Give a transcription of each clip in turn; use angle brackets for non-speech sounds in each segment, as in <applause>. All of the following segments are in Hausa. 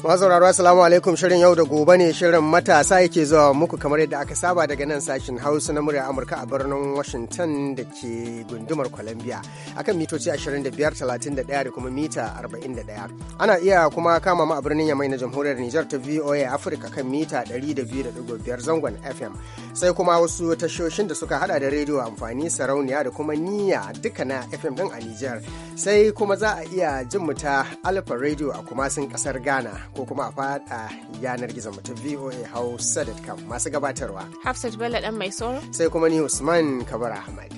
sauraro assalamu alaikum shirin yau da gobe ne shirin matasa yake zuwa muku kamar yadda aka saba daga nan sashin hausa na murya amurka a birnin washington da ke gundumar columbia akan mitoci 2531 da kuma mita 41 ana iya kuma kama mu a birnin yamai na jamhuriyar nijar ta voa afirka kan mita 200.5 zangon fm sai kuma wasu tashoshin da suka hada da rediyo amfani sarauniya da kuma niyya duka na fm din a nijar sai kuma za a iya jin mu ta alfa radio a kumasin kasar ghana ko kuma a fada yanar gizo mu ta voa hausa.com masu gabatarwa hafsat bello dan mai soro sai kuma ni usman kabar ahmad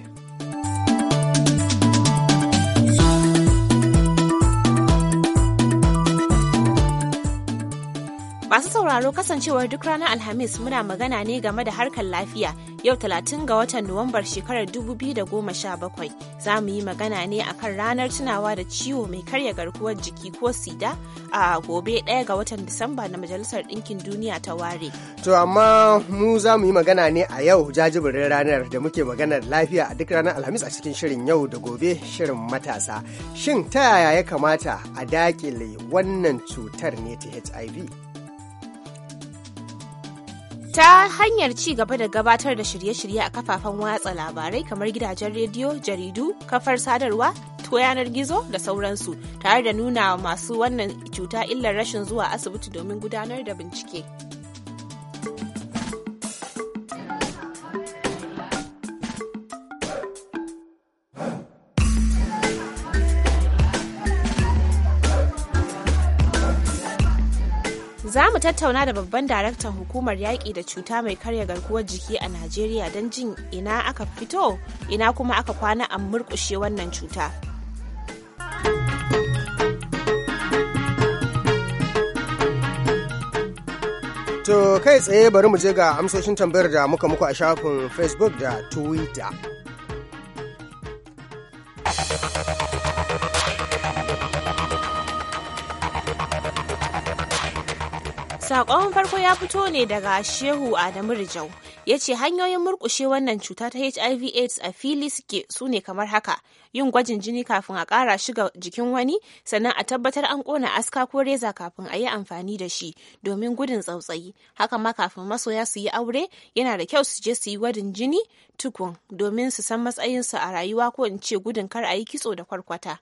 Masu sauraro kasancewar duk ranar Alhamis muna magana ne game da harkar lafiya Yau 30 ga watan Nuwambar shekarar 2017 za mu yi magana ne akan ranar tunawa da ciwo mai karya garkuwar jiki ko sida a gobe 1 ga watan Disamba na Majalisar Ɗinkin Duniya ta ware. To amma mu za mu yi magana ne a yau jajibirin ranar da muke maganar lafiya a duk ranar Alhamis a cikin shirin yau da gobe shirin matasa. Shin ta yaya ya kamata a dakile wannan cutar ne ta HIV? ta hanyar ci gaba da gabatar da shirye-shirye a kafafen watsa labarai kamar gidajen rediyo jaridu kafar sadarwa ko yanar gizo da sauransu tare da nuna masu wannan cuta illar rashin zuwa asibiti domin gudanar da bincike. Za mu tattauna da babban daraktan hukumar yaƙi da cuta mai karya garkuwar jiki a Najeriya don jin ina aka fito, ina kuma aka kwana a murƙushe wannan cuta. To kai tsaye bari mu je ga amsoshin tambayar da muka muku a shafin Facebook da Twitter. Sakon farko ya fito ne daga Shehu Adamu Rijau ya ce hanyoyin murkushe wannan cuta ta HIV AIDS a fili suke su ne kamar haka yin gwajin jini kafin a kara shiga jikin wani sannan a tabbatar an kona aska ko reza kafin a yi amfani da shi domin gudun tsautsayi haka ma kafin masoya su yi aure yana da kyau su je su yi gwajin jini tukun domin su san matsayinsu a rayuwa ko in ce gudun kar a yi kitso da kwarkwata.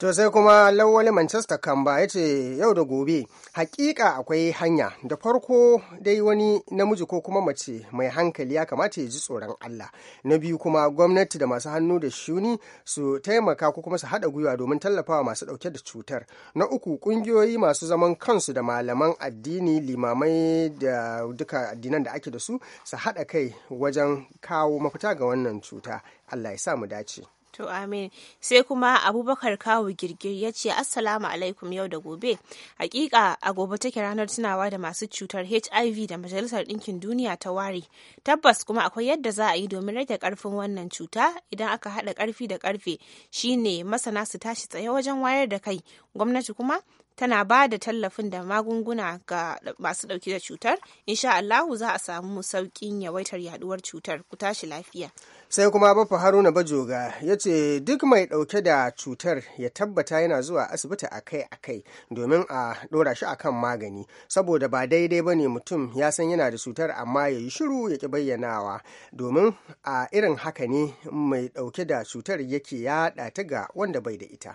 to sai kuma lawali manchester kamba ya ce yau da gobe hakika akwai hanya da farko dai wani namiji ko kuma mace mai hankali ya kamata ya ji tsoron allah na biyu kuma gwamnati da masu hannu da shuni su taimaka ko kuma su haɗa gwiwa domin tallafawa masu ɗauke da cutar na uku ƙungiyoyi masu zaman kansu da malaman addini limamai da duka addinan da ake da su su haɗa kai wajen kawo mafita ga wannan cuta allah ya sa mu dace To amin. Sai kuma Abubakar Kawu Girgir ya ce Assalamu alaikum yau da gobe. Hakika a gobe take ranar tunawa da masu cutar HIV da Majalisar Ɗinkin Duniya ta ware. Tabbas kuma akwai yadda za a yi domin rage karfin wannan cuta idan aka haɗa karfi da karfe shine masana su tashi tsaye wajen wayar da kai. Gwamnati kuma tana ba da tallafin da magunguna ga masu ɗauke da cutar insha Allahu za a samu saukin yawaitar yaduwar cutar ku tashi lafiya sai kuma bafa haruna bajoga ya ce duk mai ɗauke da cutar ya tabbata yana zuwa asibiti akai-akai domin a dora shi akan magani saboda ba daidai ba ne mutum ya san yana da cutar amma ya yi shiru ya ki bayyanawa domin a irin haka ne mai ɗauke da cutar yake yaɗa ta ga wanda bai da ita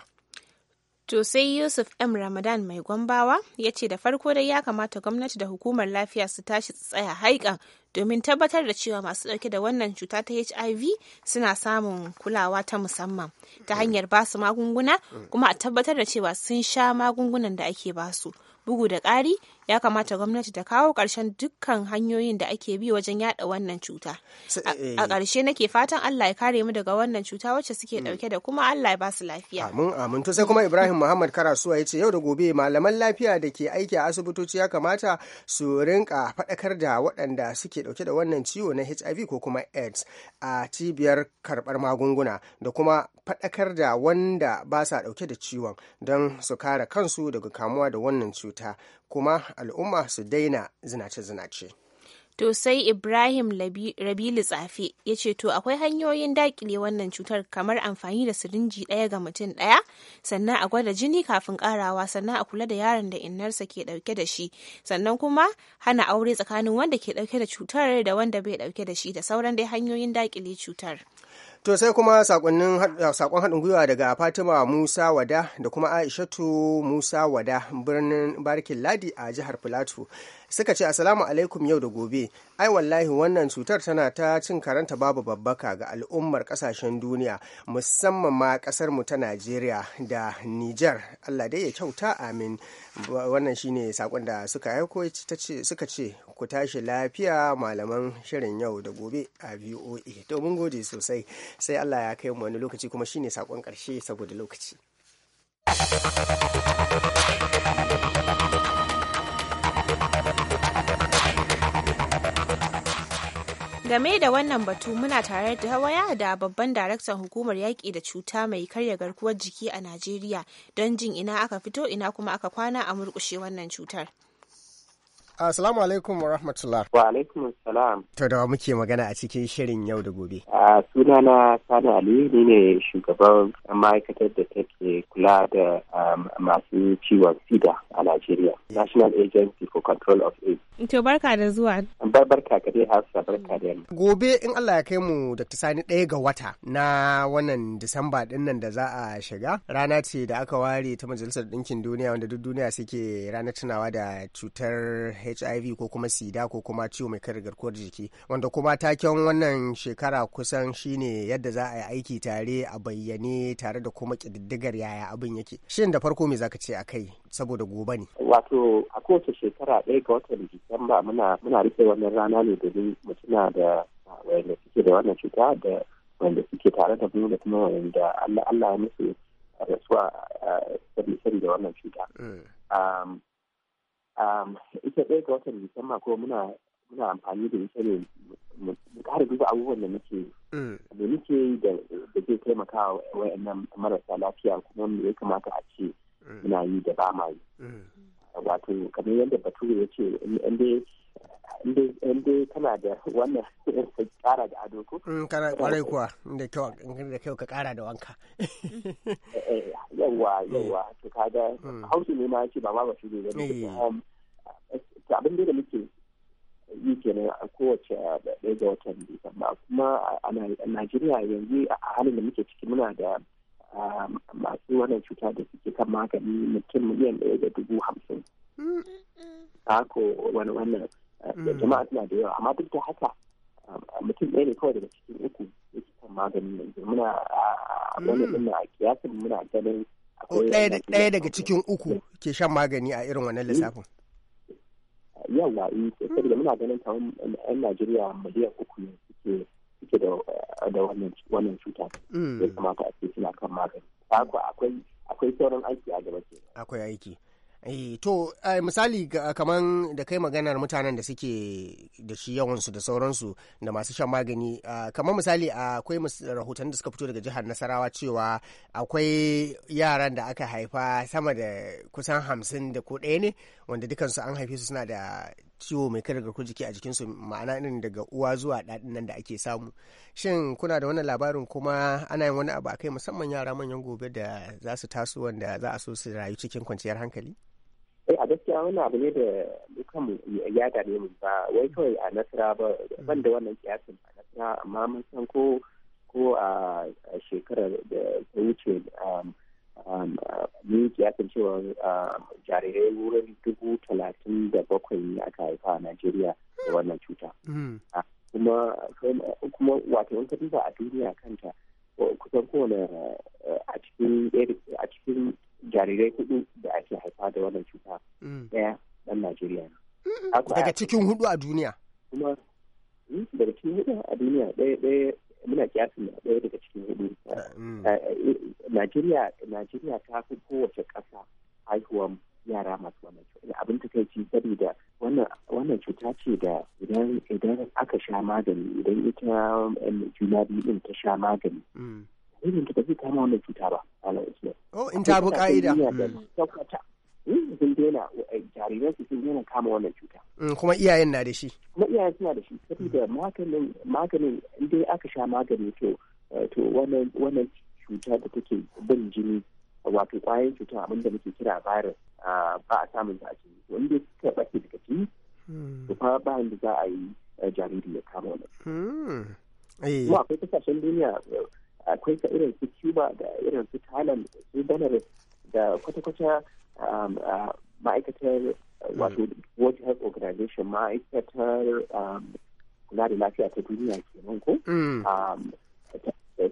To sai Yusuf M. Ramadan mai gwambawa ya ce da farko dai ya kamata gwamnati da hukumar lafiya su tashi tsaya haikan domin tabbatar da cewa masu dauke da wannan cuta ta HIV suna samun kulawa ta musamman ta hanyar basu magunguna kuma a tabbatar da cewa sun sha magungunan da ake basu. Bugu da ƙari, ya kamata gwamnati ta kawo ƙarshen dukkan hanyoyin da ake bi wajen yada wannan cuta eh. a ƙarshe nake fatan Allah ya kare mu daga wannan cuta wacce suke mm. ɗauke da kuma Allah ya ba lafiya amin amin to sai kuma mm. Ibrahim Muhammad Karasuwa ya ce yau da gobe malaman lafiya da ke aiki a asibitoci ya kamata su rinka faɗakar da waɗanda suke ɗauke da wannan ciwo na HIV ko kuma AIDS a cibiyar karɓar magunguna da kuma faɗakar da wanda ba sa ɗauke da ciwon don su kare kansu daga kamuwa da wannan cuta kuma al'umma su daina zinace-zinace. To sai Ibrahim Rabilu Tsafe ya ce to akwai hanyoyin dakile wannan cutar kamar amfani da sirinji ɗaya ga mutum ɗaya sannan a gwada jini kafin karawa sannan a kula da yaron da innarsa ke ɗauke da shi sannan kuma hana aure tsakanin wanda ke ɗauke da cutar da wanda bai ɗauke da shi da sauran dai hanyoyin dakile cutar. To sai kuma eh, sakon haɗin gwiwa daga Fatima Musa Wada da kuma Aishatu Musa Wada birnin Barkin Ladi a jihar Filato. Suka ce Assalamu alaikum yau da gobe. Ai wallahi wannan cutar tana ta cin karanta babu babbaka ga al'ummar kasashen duniya musamman ma kasar mu ta Najeriya da Nijar Allah dai ya kyauta amin. Wannan shine sakon da suka aiko suka ce ku tashi lafiya malaman shirin yau da gobe a voa to mun gode sosai sai allah ya kai mu wani lokaci kuma shine sakon karshe saboda lokaci game da wannan batu muna tare da waya da babban daraktan hukumar yaƙi da cuta mai karya garkuwar jiki a najeriya don jin ina aka fito ina kuma aka kwana a murkushe wannan cutar Assalamu alaikum wa rahmatullah. Wa alaikum salam. To da muke magana a cikin shirin yau da gobe. A suna na Sani Ali ni ne shugaban ma'aikatar da take kula da masu ciwon sida a Najeriya. National Agency for Control of AIDS. To barka da zuwa. Barka ka dai Hafsa barka da yamma. Gobe in Allah ya kai mu Dr. Sani ɗaya ga wata na wannan Disamba ɗin nan da za a shiga rana ce da aka ware ta Majalisar Ɗinkin Duniya wanda duk duniya suke ranar tunawa da cutar hiv ko kuma sida ko kuma ciwo mai kare garkuwar jiki wanda kuma taken wannan shekara kusan shine yadda za a yi aiki tare a bayyane tare da kuma ƙididdigar yaya abin yake shin da farko me zaka ce a kai saboda gobe ne wato a kowace shekara ɗaya ga watan disamba muna muna rufe wannan rana ne domin mu tuna da wanda suke da wannan cuta da wanda suke tare da mu da kuma wanda Allah Allah ya musu rasuwa eh, a da wannan cuta mm. um, Um, ita ɗaya ga watan disamba ko muna muna amfani da ita ne mu ƙara duba abubuwan da muke mm. da muke yi da zai taimaka wa wayannan marasa lafiya kuma me ya kamata a ce mm. muna yi da ba ma yi mm. wato kamar yadda batu ya ce in dai inda tana da wannan kara da ado ko mm, kana kwarai kuwa da kyau da kyau ka kara da wanka eh, eh, yawa yawa to kaga mm. hausa ne ma ce ba ma ba shi ne da abin da muke yi kenan a kowace uh, ɗaya ga watan kuma a najeriya yanzu a halin da muke ciki muna da um, masu wannan cuta da suke kan magani mutum miliyan ɗaya da dubu hamsin. Mm. Ako wani wannan da mm. jama'a suna da yawa amma duk da haka um, mutum ɗaya ne kawai daga cikin uku likitan maganin yanzu muna a wani mm. ɗin a kiyasin muna ganin ɗaya daga cikin uku ke shan magani a irin wannan lissafin yawa eh, saboda muna ganin kamar yan najeriya miliyan uku ne suke suke da eh, wannan cuta mm. ya kamata a ce suna kan magani akwai sauran aiki a gaba akwai aiki Eh, to ai eh, misali kamar da kai maganar mutanen da suke da shi yawansu da sauransu da masu shan magani ah, kamar misali akwai rahoton da suka fito daga jihar nasarawa cewa akwai yaran da aka haifa sama da kusan hamsin da ko ɗaya ne wanda dukansu an haife su suna da ciwo mai kare garkuwar jiki a jikinsu ma'ana irin daga uwa zuwa ɗaɗin nan da ake samu shin kuna da wannan labarin kuma ana yin wani abu akai musamman yara manyan gobe da za su taso wanda za a so su rayu cikin kwanciyar hankali gaskiya wani abu ne da dukan ya gane mu ba wai kawai a nasara ba ban da wannan kiyasin a nasara amma mun san ko ko a shekarar da ta wuce um, um, yi kiyasin cewa um, jarirai wurin dubu talatin da bakwai aka haifa a najeriya da wannan cuta hmm. kuma wato wata duba a duniya kanta kusan kowane uh, a cikin jarirai hudu da ake haifa da wannan cuta daya mm. dan Najeriya ne. Daga cikin hudu a duniya. Kuma mm, daga cikin hudu a duniya ɗaya ɗaya muna na ɗaya daga cikin hudu. Mm. Eh, eh, eh, Najeriya Najeriya ta fi kowace ƙasa haihuwan yara masu wannan cuta. Abin ta kai da wannan cuta ce da idan aka sha magani idan ita juna biyu ta sha magani. irin ta zai kama wannan cuta ba malam usman oh in ta bu ka'ida hmm. hmm, sun daina eh, jariran su sun daina kama wannan cuta hmm, kuma iyayen na da shi kuma iyayen suna da shi saboda maganin maganin in dai aka sha magani to eh, to wannan wannan cuta da take bin jini wato kwayan cuta abin da muke kira virus ba a samun ta a jini to in dai suka bace daga jini to fa ba da za a yi eh, jariri ya kama wannan kuma akwai kasashen duniya akwai ka irin su cuba da irin su thailand su da kwata-kwata um, uh, ma'aikatar uh, wato mm. world health organization ma'aikatar um, kula da lafiya ta duniya kenan ko mm. um,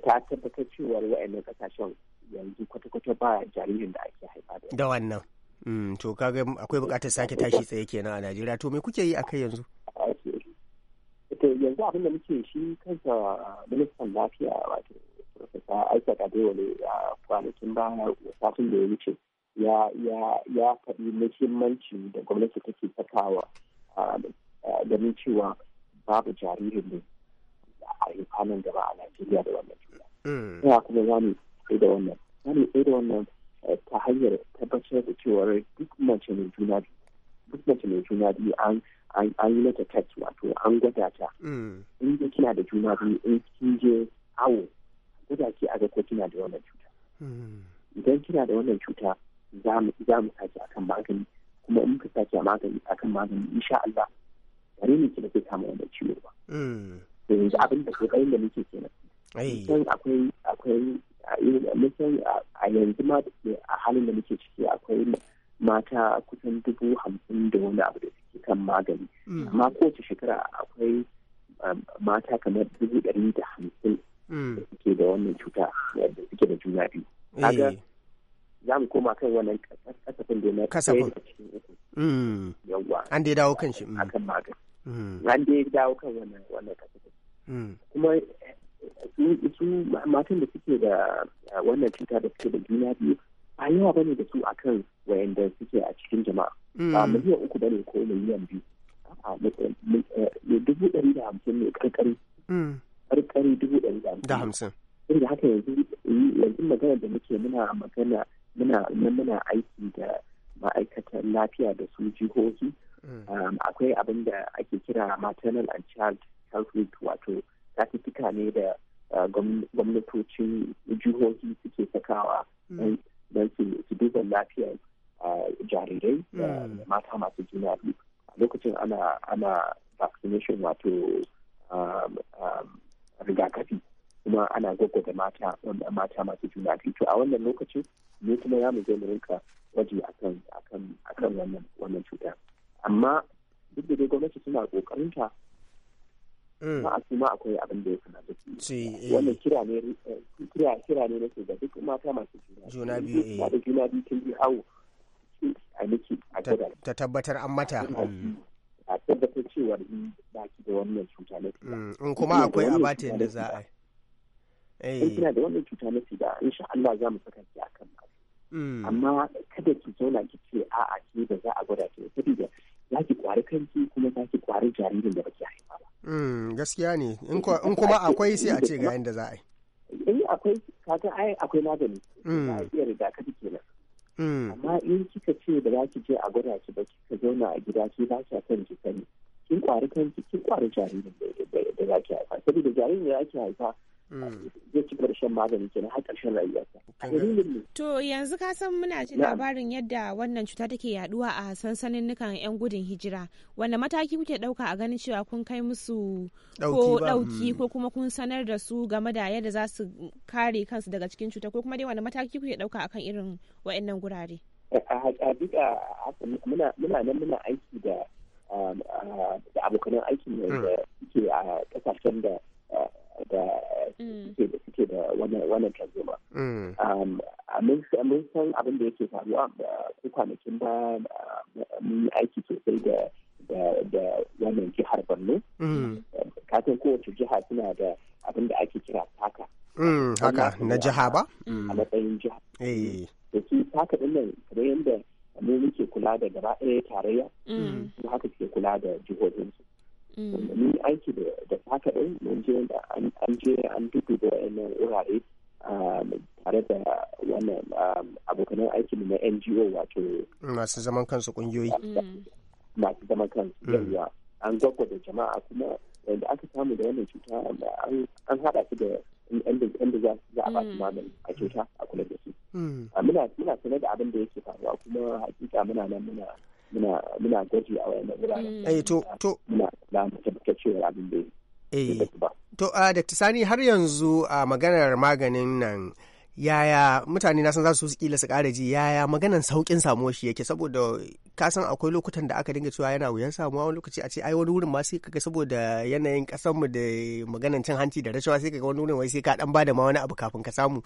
ta tabbatar cewa wa'annan kasashen yanzu kwata-kwata ba jaririn da ake haifa da da wannan mm, to kaga akwai bukatar sake tashi tsaye kenan a najeriya to me kuke yi akai yanzu yanzu abin da muke shi kansa uh, ministan lafiya wato profesa aisha kadewale a kwanakin baya satin da ya wuce ya faɗi muhimmanci da gwamnati take sakawa ganin cewa babu jaririn ne a haifanin gaba a najeriya da wannan cuta mm. kuma zamu tsaye da wannan mu tsaye da wannan ta hanyar tabbatar da cewar duk mace mai juna biyu duk mace mai juna biyu an an yi mata test wato an gwada ta mm. in kina da juna biyu in kin je awo gwada a ko kina da wannan cuta hmm. idan kina da wannan cuta za mu sake akan magani kuma in muka sake magani akan magani insha Allah bari ne kina zai kama wannan ciwo ba Da hmm. yanzu abin da kokarin da muke kenan Sai akwai akwai musan a yanzu ma a halin da muke ciki akwai mata kusan dubu hamsin da wani abu da suke kan magani hmm. amma kowace shekara akwai um, mata kamar dubu ɗari da hamsin Mm. ke da wannan cuta da suke da juna biyu kaga eh. za mu koma kan wannan kasafin da na kasafin mm. yawwa an dai dawo kan shi mm. akan magani an dai dawo kan wannan wannan kasafin kuma eh, eh, su matan da suke da wannan cuta da suke da juna biyu ba yawa bane da su akan wayanda suke a cikin jama'a ba miliyan uku ne ko miliyan biyu dubu ɗari da hamsin ne ƙarƙari. ƙarƙari dubu ɗari da hamsin. Inda haka yanzu yanzu magana da muke muna magana muna muna aiki da ma'aikatan lafiya da su jihohi. Mm. Um, akwai abin da ake kira maternal and child health week wato tafitika ne da uh, gwamnatocin jihohi suke sakawa mm. don su duba lafiyar uh, jarirai mm. da mata masu juna biyu. lokacin ana ana vaccination wato um, um, rigakafi kuma ana gwaggwada mata mata masu juna biyu to a wannan lokacin ne kuma ya mu zo mu rinka gwaji akan akan akan wannan wannan cuta amma duk da dai gwamnati suna kokarin ta ma mm. a ma akwai abin da ya kamata su eh. wannan kira ne kira kira ne nake ga duk mata masu juna biyu da juna biyu kin bi hawo a miki a ta tabbatar an mata a tabbatar cewa in ba ki da wannan cuta na sida. Mm, in kuma akwai abatin yadda za a yi. Eh. In kina da wannan cuta na sida insha Allah za mu saka ki a kan mm. Amma kada ki zauna ki ce a a ke da za a gwada ki saboda za ki kwari kanki kuma za ki kwari jaririn da ba ki haifa ba. Mm, gaskiya ne in kuma akwai sai a ce ga yadda za a yi. In eh, akwai kaga ai akwai magani. Za a iya rigakafi kenan. Mm. amma in kika ce da za ki je a gwada ki ba kika zauna a gida ki ba ki kan ki sani kin kwari ki kin kwari jaririn da za ki haifa saboda jaririn da za ki haifa mm. zai ci shan magani kenan har ƙarshen rayuwarsa To yanzu ka san muna jin labarin yadda wannan cuta take yaduwa a sansaninnukan 'yan gudun hijira. Wanda mataki kuke dauka a ganin cewa kun kai musu ko dauki hmm. ko kuma kun sanar da su game da yadda za su kare kansu daga cikin cuta ko kuma dai wani mataki kuke dauka kan irin wa'annan gurare. A haka muna nan muna aiki da um, aikin hmm. da suke a kasashen Mm. da suke da wannan tarzoma. Mm. Um, mun san abin da yake faruwa ko kwanakin ba mun yi aiki sosai da da wannan jihar Borno. Mm. Katon kowace jiha suna da abin da ake kira taka. Haka na jiha ba? A matsayin jiha. Da eh. su taka ɗin nan kamar yadda mu muke kula da gaba ɗaya tarayya. Haka suke kula da jihohinsu. mun mm. aiki da ta kaɗai mun je an je an dubu da wayannan wurare um, tare da wannan um, abokanan aikin na ngo wato masu zaman kansu kungiyoyi mm. mm. masu zaman kansu yawa an da jama'a kuma da aka samu da wannan cuta an haɗa su da inda za a ba su magani a cuta a kula da su muna sanar da abin da yake faruwa kuma hakika muna nan muna muna muna gwaji a wayannan wuraren mm. eh to to muna da tabbatar cewa abin eh to ah, a Dr. Sani har yanzu a maganar maganin nan yaya mutane na san za su kila su kara ji yaya maganan saukin samuwa shi yake saboda ka san akwai lokutan da aka dinga cewa yana wuyan samuwa wani lokaci a ce ai wani wurin ma sai kaga saboda yanayin kasan mu da maganan cin hanci da rashawa sai kaga wani wurin wai sai ka dan bada ma wani abu kafin ka samu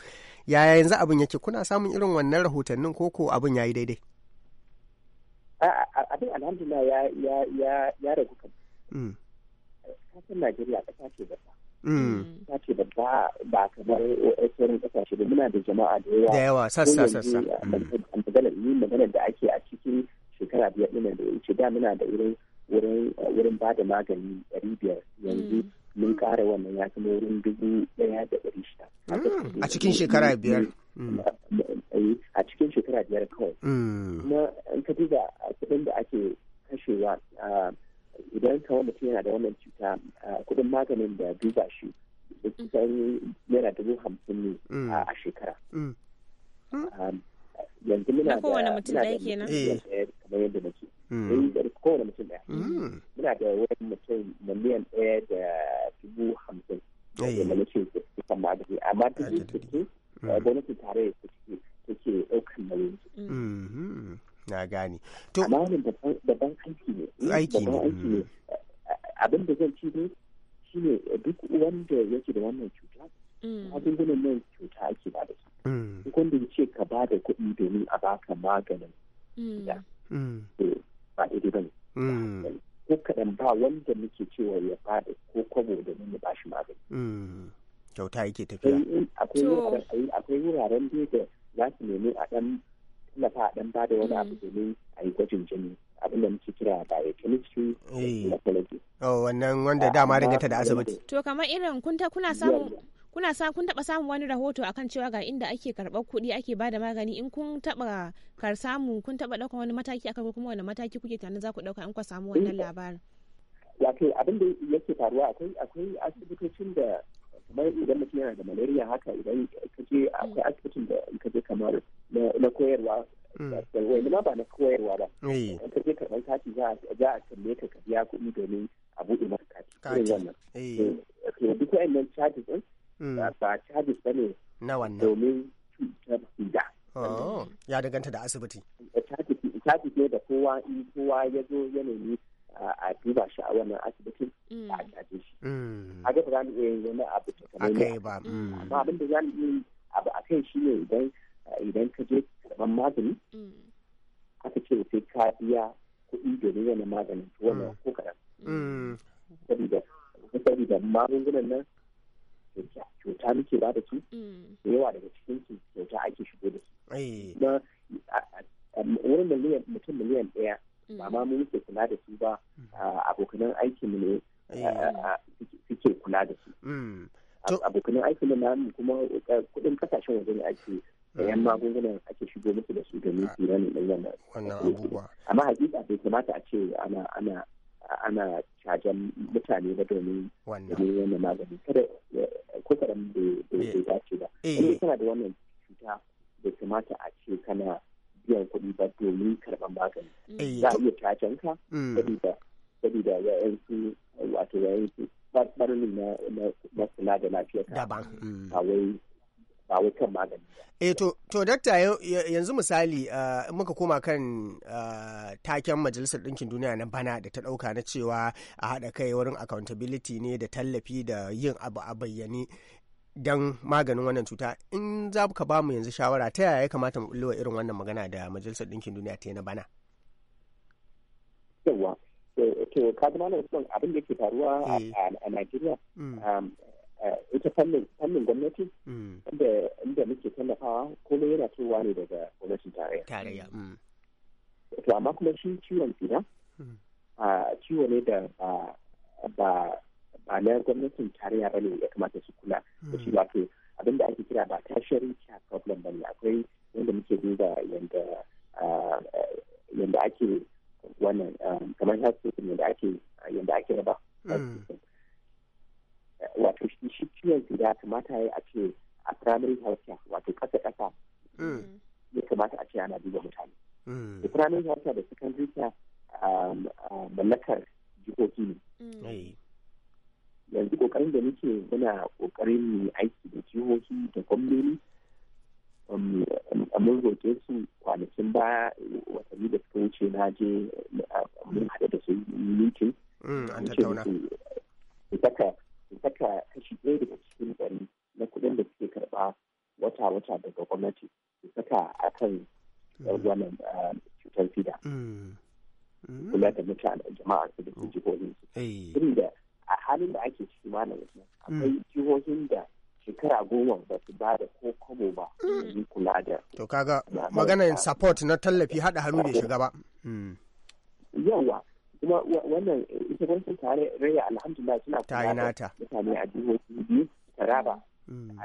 yaya yanzu abin yake kuna samun irin wannan rahotannin koko abin yayi daidai abin alhamdulillah ya ragu kan mm. kasar najeriya kasa ce babba ta mm. ce babba ba kamar sauran kasashe da muna da jama'a da yawa da yawa sassa sassa mm. maganar ni maganar da ake a cikin shekara biyar ɗin da ya wuce da muna da wurin wurin ba da magani ɗari biyar yanzu mun kara wannan ya zama wurin dubu daya da ɗari shida. Hmm. A cikin shekara biyar. Hmm. Hmm. A cikin shekara biyar kawai. Kuma in ka duba kuɗin da ake kashewa idan kawo mutum yana da wannan cuta kudin maganin da duba shi kusan yana dubu hamsin ne a shekara. yanzu muna da kowane mutum ɗaya kenan eh, kamar yadda nake mm. kowane mutum ɗaya mm. muna da wani mutum miliyan ɗaya da dubu hamsin da nake kan ma mm. da amma dubu eh, sittin gwamnatin tarayya take take ɗaukan nauyin mm-hmm. na gane to amma wannan babban aiki ne aiki ne eh, abin da zan ci ne shine duk wanda yake da wannan cuta magungunan nan cuta ake ba da Mm. wanda ya ce ka ba da kuɗi domin a baka maganin ya mm. mm. ba daidai ba ne ko kaɗan ba wanda muke cewa ya faɗi ko kwabo da mu ba shi magani kyauta yake tafiya akwai wuraren da da za su nemi a ɗan tallafa a ɗan ba da wani abu domin a yi gwajin jini abin da muke kira biochemistry eh. da Oh, wannan wanda dama rigata da asibiti. To kamar irin kun ta kuna samun kuna sa kun taba samun wani rahoto akan cewa ga inda ake karɓar kuɗi ake ba da magani in kun taba kar samu kun taba ɗaukar wani mataki akan kuma wani mataki kuke tunanin za ku ɗauka in ku samu wannan eh, labarin. wato abin da yake faruwa akwai akwai asibitocin da kamar idan mutum yana da malaria haka idan ka je akwai mm. asibitin da ka je kamar na koyarwa mm. wai ma ba na koyarwa ba eh. in ka je karɓar kati za a tambaye ka ka biya kuɗi domin a buɗe maka kati irin wannan eh. to duk wa'annan charges din Hmm. ba charges ba ne na wannan domin cutar sida oh, ya danganta da asibiti eh, charges ne da kowa in kowa ya zo ya nemi a duba shi a wannan asibitin hmm. a caje shi hmm. a ga ba za mu iya yin wani abu ta kamar ba amma abin da za mu iya abu a kai shi ne idan idan ka je karɓar magani aka ce sai ka biya kuɗi domin wani maganin wannan ko kaɗan saboda magungunan nan kyauta kyauta muke ba da su mm. da yawa daga cikin su kyauta ake shigo da su na eh. wurin miliyan mutum miliyan ɗaya mm. ba ma mun ke kula da su ba mm. abokanan aikin mu ne eh. suke kula da su abokanan aikin mu na kuma kudin kasashen waje ne ake yan magungunan ake shigo musu da su domin ah. su yi wannan abubuwa amma hakika bai kamata a ce ana ana ana cajen mutane ba domin wannan magani kada kusurin kadan eh. bai dace ba eh. in kana da wannan cuta da kamata a ce kana biyan kuɗi ba domin karɓar magani eh. za a iya cajen ka mm. saboda saboda yayin su wato yayin su na kula da lafiyar ka mm. ba ba wai kan magani eh to to dakta yanzu misali uh, muka koma kan uh, taken majalisar ɗinkin duniya na bana da ta ɗauka na cewa a haɗa kai wurin accountability ne da tallafi da yin abu a bayyane don maganin wannan cuta in za ka ba mu yanzu shawara ta yaya ya kamata mu bullowa irin wannan magana da majalisar ɗinkin duniya ta yi na bana yawa to ka zama na abin da ke faruwa a eh. Najeriya mm. um, Eh, ita fannin gwamnati mm. inda muke tallafawa komai yana cewa ne daga gwamnatin tarayya mm. to amma kuma shi ciwon mm. a ciwo ne da ba na gwamnatin tarayya ba ne ya kamata su kula da shi wato abinda ake kira ba tashari care problem ba ne akwai wanda muke duba yadda ake wannan um, kamar health system yadda yanda ake raba wato shi ciwon su da kamata ya a ce a primary care wato kasa kasa mm. ya kamata a ce ana duba mutane mm. da primary care da secondary care um, um, mallakar jihohi ne mm. yanzu kokarin da nake muna kokarin mu aiki da jihohi da gwamnoni um, mun roƙe su kwanakin ba watanni da suka wuce na je uh, mun haɗa da su meeting an tattauna su saka saka kashi ɗaya daga cikin ɗari na kuɗin da suke karɓa wata-wata daga gwamnati su saka a kan mm. wannan ah, cutar fida mm. mm. Kula da mutane jama'a su da su jihohin su. Inda a halin da ake ciki wasu, akwai jihohin da shekara goma ba su ba da ko kamo ba yi kula da. To kaga maganar support na tallafi hada hannu bai shiga ba. Yawa kuma wannan ita gwamnatin tarayya alhamdulillah suna kula da mutane a jihohi biyu taraba da mm.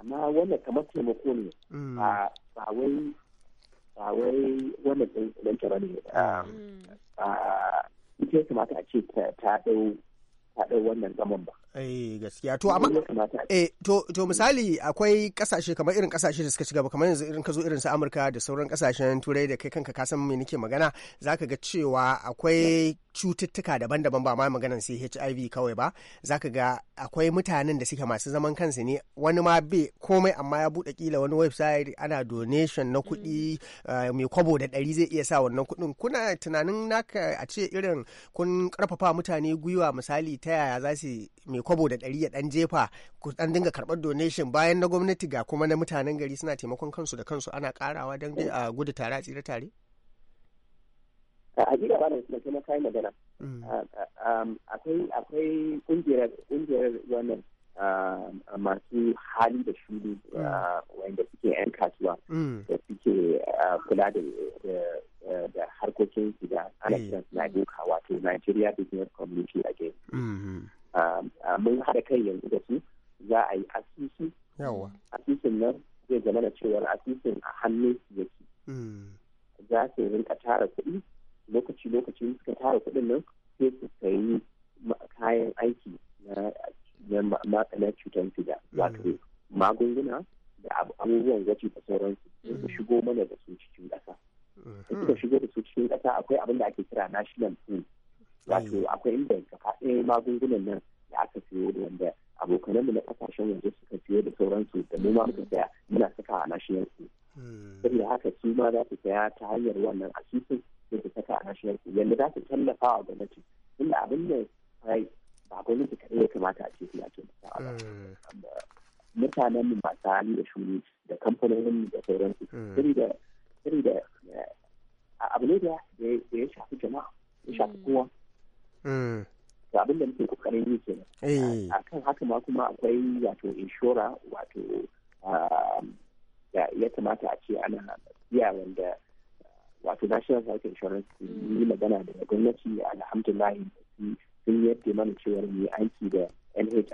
amma wannan kamar taimako ne mm. ba wai ba wai wannan ɗin ba ne ah. mm. ita ya kamata a ce ta ɗau wannan zaman ba Eh gaskiya to amma eh, to misali akwai kasashe kamar irin kasashe da suka ci gaba kamar yanzu irin ka irin su Amurka da sauran kasashen Turai da kai kanka ka san me nake magana zaka ga cewa akwai cututtuka daban-daban ba ma maganan sai HIV kawai ba zaka ga akwai mutanen da suke masu zaman kansu ne wani ma bai komai amma ya bude kila wani website ana donation na kuɗi mm. eh, mai kwabo da ɗari zai iya sa wannan kuɗin kuna tunanin naka a ce irin kun karfafa mutane gwiwa misali ta yaya za su mai kwabo da ɗari ya ɗan jefa ku ɗan dinga karɓar donation bayan na gwamnati ga kuma na mutanen gari suna taimakon kansu da kansu ana ƙarawa don a gudu tare a tsira tare? a gida ba da kuma kayan magana mm. um, akwai ƙungiyar wannan masu hali da shudu mm. wanda suke 'yan kasuwa mm. da suke kula da da harkokin su da ana kiran suna na duka wato Nigeria Business Community again. Mm-hmm. mun haɗa kai yanzu da su za a yi asisi Asisin nan zai zama na cewar asisin a hannun su yake hmm. za su rinka tara kuɗi lokaci lokaci suka tara kuɗin nan sai su sayi kayan aiki na cutar sida hmm. wato magunguna da abubuwan gwaji da sauransu su hmm. shigo mana da su cikin ƙasa da suka shigo da su cikin ƙasa akwai abin da ake kira national pool wato akwai inda ka faɗi magungunan nan aka siyo da wanda abokanan na kasashen waje suka siyo da sauransu da mu ma muka saya muna saka a national su. Hmm. saboda haka su ma za su saya ta hanyar wannan asusun da su saka a national su yadda za su tallafa wa gwamnati tunda abin da ba gwamnati kaɗai ya kamata a ce suna ce mutanen mu masu hali da shuni da kamfanonin mu da sauransu hmm. saboda saboda eh, abu ne da ya shafi jama'a ya shafi hmm. kowa abin da muke kokarin yi ke eh. a kan haka ma kuma akwai wato inshora wato um, ya kamata a ce ana biya wanda wato national health insurance mm. yi magana da gwamnati alhamdulillah sun yadda mana cewar mu aiki da nhis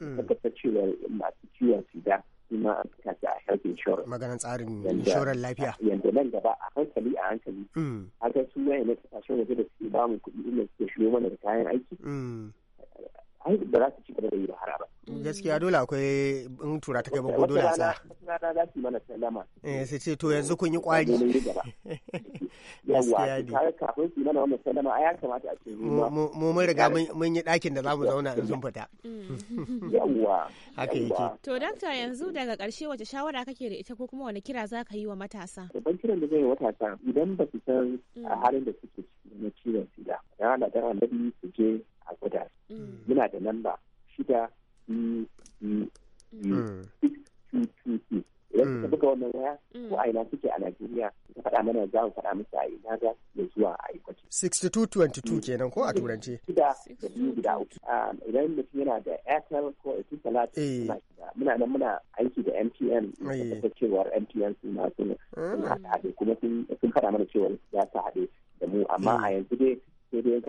mm. tabbatar cewar masu ciwon sida shi an a health insurance maganan tsarin inshorar lafiya yanda nan gaba a hankali a hankali mm. a ga su waye na kasashen waje da suke bamu kuɗi inda suke shigo mana da kayan aiki mm. ai ba za su ci gaba da yi ba har ba gaskiya dole akwai in tura ta gaba ko dole a tsaya rana za su mana sallama eh sai ce to yanzu kun yi kwari <laughs> gaskiya ne har kafin su mana wannan sallama ai ya kamata a ce mu mun riga mun yi dakin da zamu zauna in sun fita mm. <laughs> <laughs> yawa haka yake to dakta yanzu daga karshe wace shawara kake da ita ko kuma wani kira za ka yi wa matasa babban kiran da zai yi wa matasa idan ba su san mm. halin da suke ciki na ciwon sida ya hada da annabi su je a gwada Mm. muna da lamba shida mm. idan suka mm. buga wannan waya ko a ina suke a Najeriya ka faɗa mana za mu faɗa musu a ina ga su zuwa a yi aikace. 6222 kenan ko a turance. Shida da biyu guda uku. Um, idan mutum yana da Airtel ko Etisalat eh. muna nan muna aiki da MTN da eh. cewar MTN su ma sun haɗe kuma sun faɗa mana cewar za su haɗe da mu amma a yanzu dai Eh.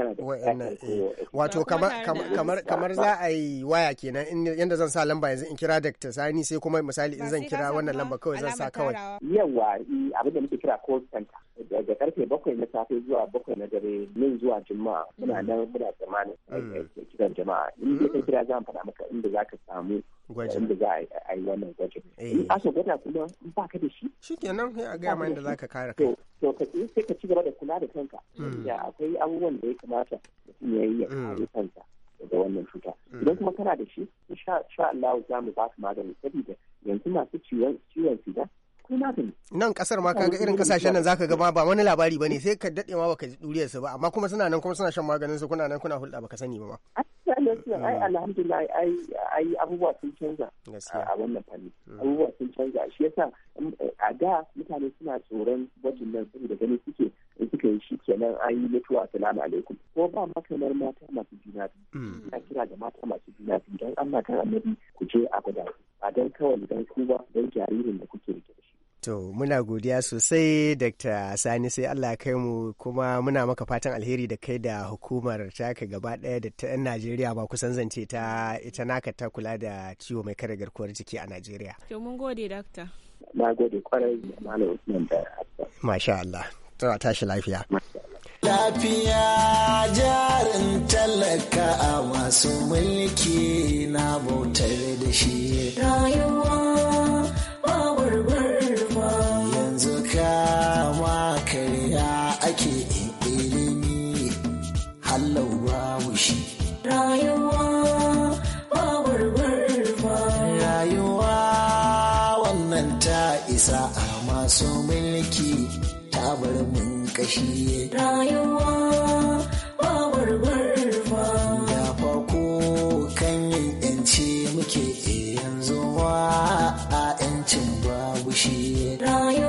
wato kamar za a yi waya kenan yadda zan sa lamba yanzu in kira Dr. Sani sai kuma misali in zan kira wannan lamba kawai zan sa kawai yawa abin da muke kira call center daga karfe bakwai na safe zuwa bakwai na dare min zuwa juma'a muna mm. nan muna tsammanin mm. kiran jama'a in dai mm. kira za mu faɗa maka inda zaka ka samu inda za a yi wannan gwajin eh. in aka gwada kuma in ba ka da shi kenan sai a gaya ma inda za ka kare kai to ka sai ka ci gaba da kula da kanka da akwai abubuwan da ya kamata mutum ya yi ya kare kansa da wannan cuta idan kuma kana da shi insha Allah za mu ba ka magani saboda yanzu masu ciwon ciwon sida nan kasar ma kaga irin kasashen nan zaka ma ba wani labari bane sai ka dade ma baka ji duriyar su ba amma kuma suna nan kuma suna shan maganin su kuna nan kuna hulɗa baka sani ba ma ai alhamdulillah ai ai abubuwa sun canza a wannan fanni mm. abubuwa sun canza shi yasa um, a da mutane suna tsoron gwajin nan saboda gani suke suka yi shi kenan an yi mutuwa salamu alaikum ko ba makamar mata masu juna biyu mm. ina kira ga mata masu juna biyu don Allah kan annabi ku je a gwada a don kawai don kuba don jaririn da kuke rike To muna godiya sosai Dr. Sani sai Allah kai mu kuma muna maka fatan alheri da kai da hukumar taka gaba ɗaya da ta 'yan Najeriya ba kusan zance ta ita naka ta kula da ciwo mai kare garkuwar jiki a Najeriya. To mun gode Dr. Na gode kwarai Malam Usman da Masha Allah. To tashi lafiya. Lafiya jarin talaka a masu mulki na bautar da shi. Rayuwa ba ma karya ake ilimi hallau babu shi rayuwa babu rayuwa wannan ta isa a masu mulki ta bar mun kashi rayuwa babu da ko kan yin yanci muke yanzu wa a yancin ba shi rayuwa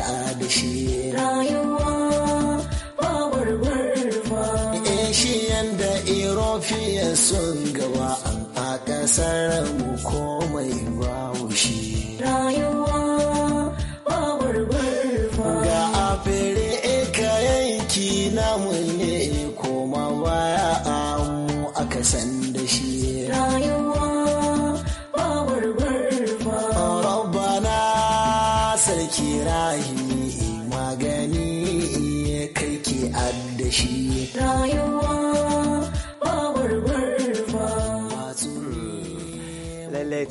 shari'a da shi rayuwa ba gwargwar eh, shi sun gaba a ƙasar mu komai babu shi rayuwa ba gwargwar ga afere ka yanki namu ne koma baya a mu aka san da shi rayuwa Israel.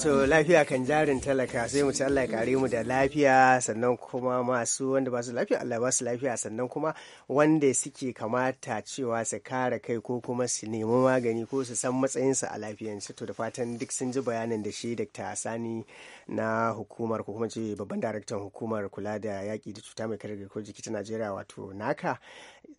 to lafiya kan jarin talaka sai mu ci Allah ya kare mu da lafiya sannan kuma masu wanda ba su lafiya Allah ba su lafiya sannan kuma wanda suke kamata cewa su kare kai ko kuma su nemi magani ko su san matsayinsu a lafiyance to da fatan duk sun ji bayanin da shi Dr. Sani na hukumar ko kuma ce babban daraktan hukumar kula da yaki da cuta mai kare garkuwar jiki ta Najeriya wato naka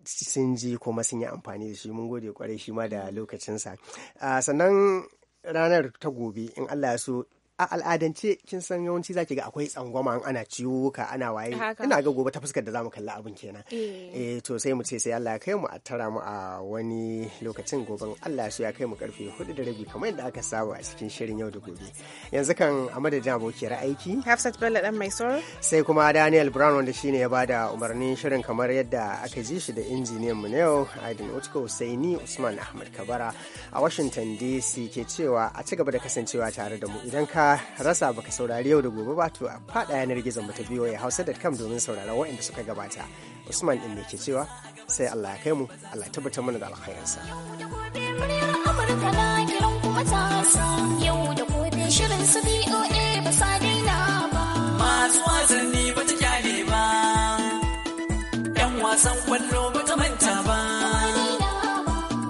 sun ji kuma sun yi amfani da shi mun gode kwarai shi ma da lokacinsa ah, sannan ranar ta gobe in Allah ya so a al'adance kin san yawanci zaki ga akwai tsangwama ana ciwuka ana waye ina ga gobe ta fuskar da zamu kalli abin kenan eh. eh to sai mu ce sai Allah ya kai mu a tara mu a wani lokacin goben Allah ya ya kai mu karfe 4 da rabi kamar yadda aka saba a cikin shirin yau da gobe yanzu kan a madadin abokiyar aiki Hafsat Bello dan mai soro sai kuma Daniel Brown wanda shine ya bada umarnin shirin kamar yadda aka ji shi da injiniyan mu ne yau Aidin Otko sai Usman Ahmad Kabara a Washington DC ke cewa a ci gaba da kasancewa tare da mu idan ka ka rasa baka saurari yau da gobe ba to a faɗa yanar gizon mu ta biyo ya kam domin sauraron waɗanda suka gabata usman din ne ke cewa sai allah ya kai mu allah tabbatar mana da alkhairinsa yau da gobe sa ba masu wasanni ba ta ba yan wasan kwallo ba ta manta ba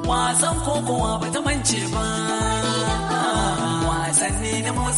wasan kokowa ba ta mance ba na